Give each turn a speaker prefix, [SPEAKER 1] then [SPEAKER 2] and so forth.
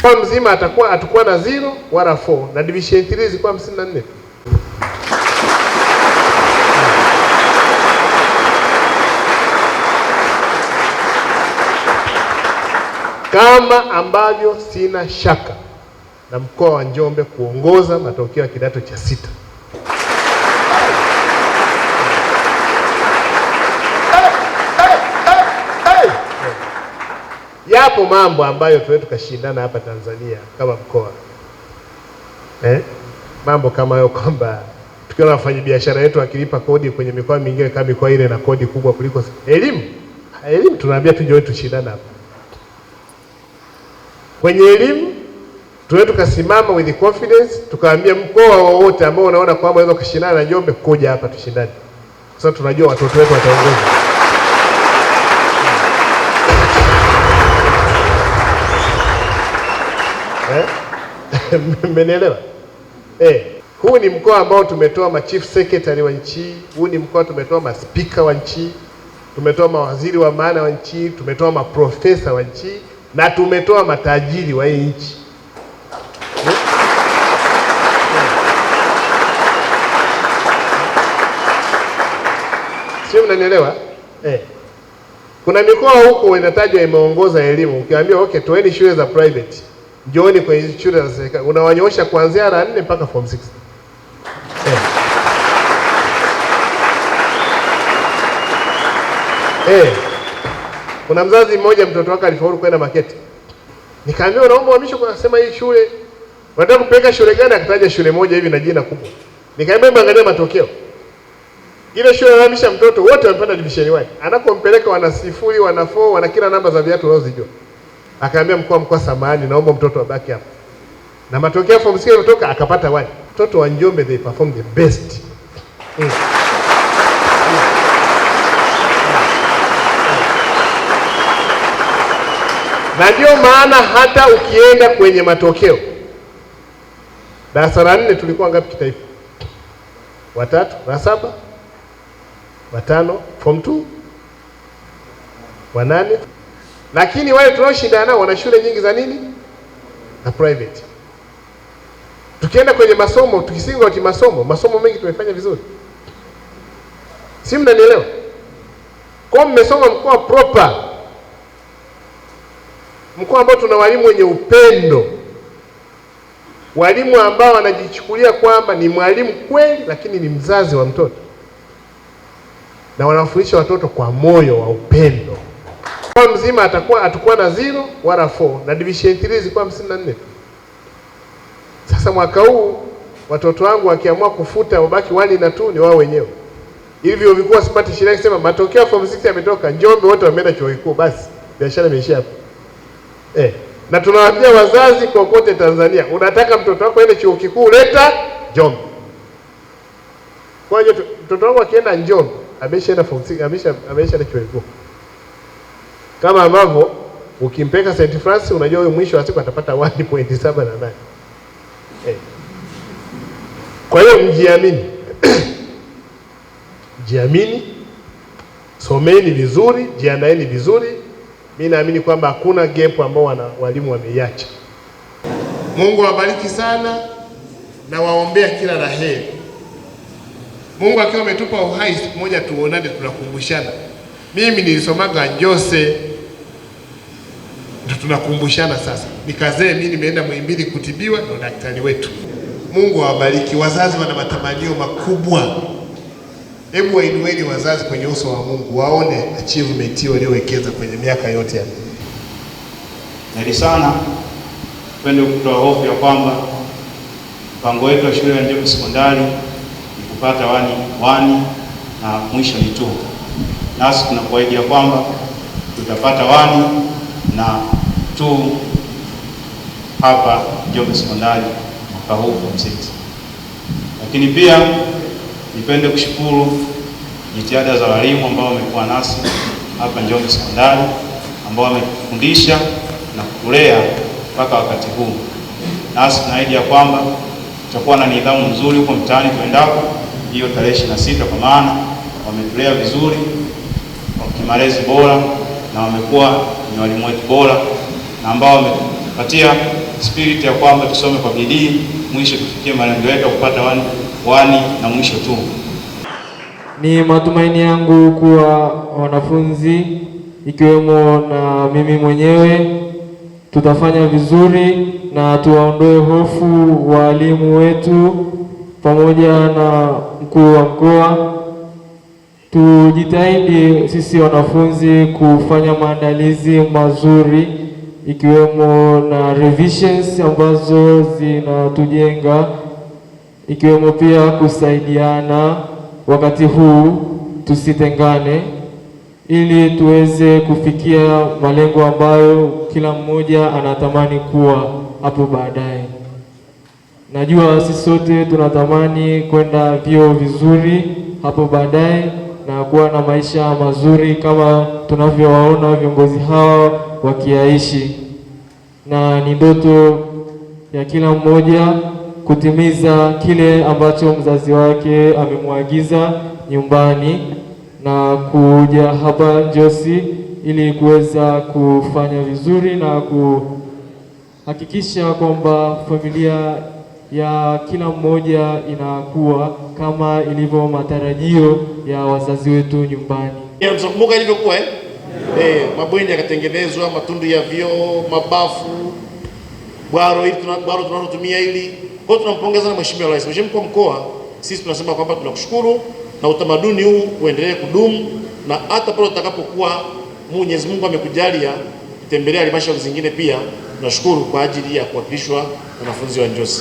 [SPEAKER 1] Kwa mzima atakuwa atakuwa na zero wala 4 na division 3 zikuwa 54. Kama ambavyo sina shaka na mkoa wa Njombe kuongoza matokeo ya kidato cha sita. yapo mambo ambayo tunaweza tukashindana hapa Tanzania kama mkoa eh? mambo kama hayo kwamba tukiona wafanyabiashara wetu wakilipa kodi kwenye mikoa mingine kama mikoa ile na kodi kubwa kuliko elimu. Elimu tunaambia tuje tushindane hapa kwenye elimu, tuwe tukasimama with confidence tukaambia mkoa wowote ambao unaona kwamba unaweza kushindana na Njombe, kuja hapa tushindane, kwa sababu tunajua watoto wetu wataongoza. Eh? mmenielewa eh? eh. Huu ni mkoa ambao tumetoa machief secretary wa nchi. Huu ni mkoa tumetoa maspika wa nchi, tumetoa mawaziri wa maana wa nchi, tumetoa maprofesa wa nchi na tumetoa matajiri wa hii nchi. Sio, mnanielewa eh? Kuna mikoa huko inatajwa imeongoza elimu, ukiambia okay, toeni shule za private Njooni kwenye shule za serikali, unawanyoosha kuanzia la nne mpaka form 6 eh. Eh. Kuna mzazi mmoja mtoto wake alifaulu kwenda Makete, nikaambia naomba uhamisho, kasema hii shule wanataka kupeleka shule gani? Akataja shule moja hivi na jina kubwa, nikaambia angalia matokeo ile shule anahamisha mtoto wote wamepanda divisheni 1 anakompeleka wana sifuri wana 4 wana kila namba za viatu unazozijua akaambia mkuu wa mkoa, samahani, naomba mtoto abaki hapa, na matokeo form six yalitoka, akapata wani. Mtoto wa Njombe they perform the best mm. Mm. mm. na ndio maana hata ukienda kwenye matokeo darasa la nne tulikuwa ngapi kitaifa? Watatu na saba watano, form 2 wanane lakini wale tunao shida nao wana shule nyingi za nini na private. Tukienda kwenye masomo, tukisinga kwa masomo, masomo mengi tumefanya vizuri, si mnanielewa? Kwa mmesoma mkoa proper, mkoa ambao tuna walimu wenye upendo, walimu ambao wanajichukulia kwamba ni mwalimu kweli, lakini ni mzazi wa mtoto na wanawafundisha watoto kwa moyo wa upendo kwa mzima atakuwa atakuwa na zero wala 4 na division 3 zikuwa 54. Sasa mwaka huu watoto wangu wakiamua kufuta wabaki wani na tu ni wao wenyewe. Hivi vyuo smart sipati shida matokeo form 6 yametoka, Njombe wote wameenda chuo kikuu, basi biashara imeisha hapo. Eh, na tunawaambia wazazi kokote Tanzania, unataka mtoto wako aende chuo kikuu, leta Njombe. Kwa hiyo mtoto wangu akienda Njombe ameshaenda form 6, amesha ameshaenda chuo kikuu kama ambavyo ukimpeka St. Francis unajua huyo mwisho wa siku atapata 1.78 eh. Kwa hiyo mjiamini jiamini, someni vizuri, jiandaeni vizuri. Mi naamini kwamba hakuna gap ambao wana walimu wameiacha. Mungu awabariki sana na waombea kila la heri. Mungu akiwa ametupa uhai, siku moja tuonane, tunakumbushana. Mimi nilisomaga Njose tunakumbushana sasa, nikazee mimi nimeenda Muhimbili kutibiwa na daktari wetu. Mungu awabariki wazazi, wana matamanio makubwa. Hebu wainueni wazazi kwenye uso wa Mungu, waone achievement hiyo waliowekeza kwenye miaka yote ya neri sana. Pende kutoa hofu ya kwamba mpango wetu wa shule ya Njombe sekondari ni kupata wani wani na mwisho ni tu, nasi tunakuahidi ya kwamba tutapata wani na tu hapa Njombe Sekondari mwaka huu form six. Lakini pia nipende kushukuru jitihada za walimu ambao wamekuwa nasi hapa Njombe Sekondari ambao wamefundisha na kulea mpaka wakati huu, nasi tunaahidi ya kwamba tutakuwa na nidhamu nzuri huko mtaani tuendapo hiyo tarehe ishirini na sita kwa maana wametulea vizuri kwa kimalezi bora na wamekuwa ni walimu wetu bora na ambao wamepatia spirit ya kwamba tusome kwa bidii, mwisho tufikie malengo yetu ya kupata wani, wani na mwisho tu.
[SPEAKER 2] Ni matumaini yangu kuwa wanafunzi ikiwemo na mimi mwenyewe tutafanya vizuri na tuwaondoe hofu waalimu wetu pamoja na mkuu wa mkoa. Tujitahidi sisi wanafunzi kufanya maandalizi mazuri ikiwemo na revisions ambazo zinatujenga, ikiwemo pia kusaidiana wakati huu, tusitengane ili tuweze kufikia malengo ambayo kila mmoja anatamani kuwa hapo baadaye. Najua sisi sote tunatamani kwenda vyeo vizuri hapo baadaye na kuwa na maisha mazuri kama tunavyowaona viongozi hawa wakiyaishi, na ni ndoto ya kila mmoja kutimiza kile ambacho mzazi wake amemwagiza nyumbani na kuja hapa Njosi ili kuweza kufanya vizuri na kuhakikisha kwamba familia ya kila mmoja inakuwa kama ilivyo matarajio ya wazazi wetu nyumbani.
[SPEAKER 1] Mnakumbuka ilivyokuwa eh? Eh, mabweni yakatengenezwa, matundu ya vyoo, mabafu, bwaro hili tunalo tunalotumia hili. Kwa hiyo tunampongeza na Mheshimiwa Rais. Mheshimiwa Mkuu wa Mkoa, sisi tunasema kwamba tunakushukuru na utamaduni huu uendelee kudumu na hata pale tutakapokuwa Mwenyezi Mungu amekujalia kutembelea halmashauri zingine pia tunashukuru kwa ajili ya kuwakilishwa wanafunzi wa Njosi.